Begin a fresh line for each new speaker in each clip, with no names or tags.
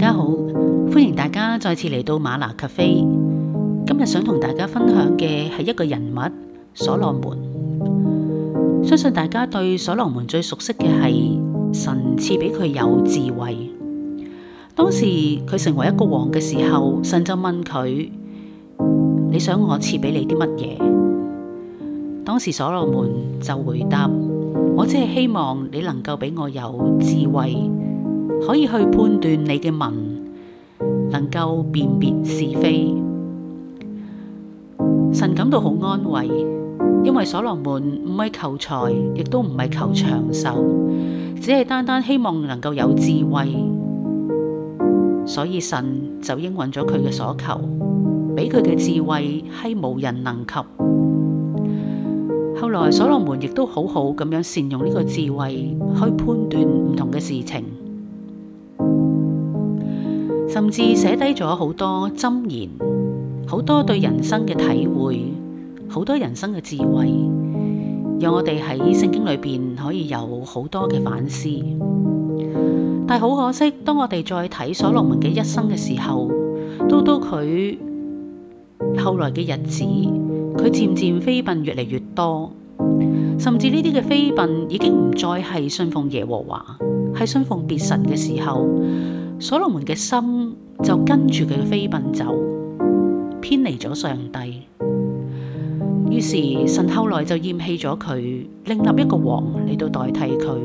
大家好，歡迎大家再次嚟到馬拿咖啡。今日想同大家分享嘅係一個人物，所羅門。相信大家對所羅門最熟悉嘅係神賜俾佢有智慧。當時佢成為一個王嘅時候，神就問佢：你想我賜俾你啲乜嘢？當時所羅門就回答：我只係希望你能夠俾我有智慧。可以去判斷你嘅文，能夠辨別是非。神感到好安慰，因為所羅門唔係求財，亦都唔係求長壽，只係單單希望能夠有智慧。所以神就應允咗佢嘅所求，畀佢嘅智慧係無人能及。後來所羅門亦都好好咁樣善用呢個智慧去判斷唔同嘅事情。甚至寫低咗好多箴言，好多對人生嘅體會，好多人生嘅智慧，讓我哋喺聖經裏邊可以有好多嘅反思。但好可惜，當我哋再睇所羅門嘅一生嘅時候，到到佢後來嘅日子，佢漸漸妃嬪越嚟越多，甚至呢啲嘅妃嬪已經唔再係信奉耶和華，係信奉別神嘅時候。所羅門嘅心就跟住佢嘅飛奔走，偏離咗上帝。於是神後來就厭棄咗佢，另立一個王嚟到代替佢。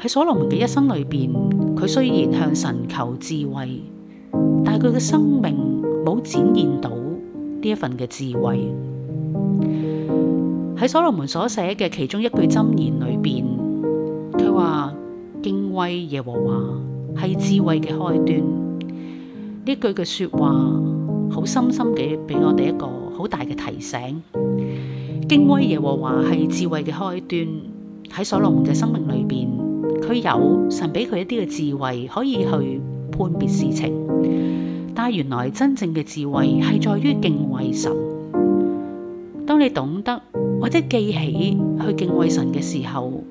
喺所羅門嘅一生裏邊，佢雖然向神求智慧，但係佢嘅生命冇展現到呢一份嘅智慧。喺所羅門所寫嘅其中一句箴言裏邊，佢話。敬畏耶和華係智慧嘅開端，呢句嘅說話好深深嘅俾我哋一個好大嘅提醒。敬畏耶和華係智慧嘅開端。喺所羅門嘅生命裏邊，佢有神俾佢一啲嘅智慧可以去判別事情，但係原來真正嘅智慧係在於敬畏神。當你懂得或者記起去敬畏神嘅時候，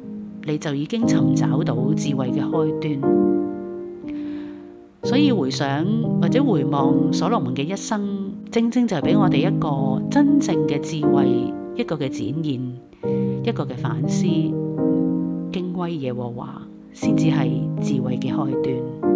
你就已經尋找到智慧嘅開端，所以回想或者回望所羅門嘅一生，正正就係俾我哋一個真正嘅智慧，一個嘅展現，一個嘅反思。敬畏耶和華，先至係智慧嘅開端。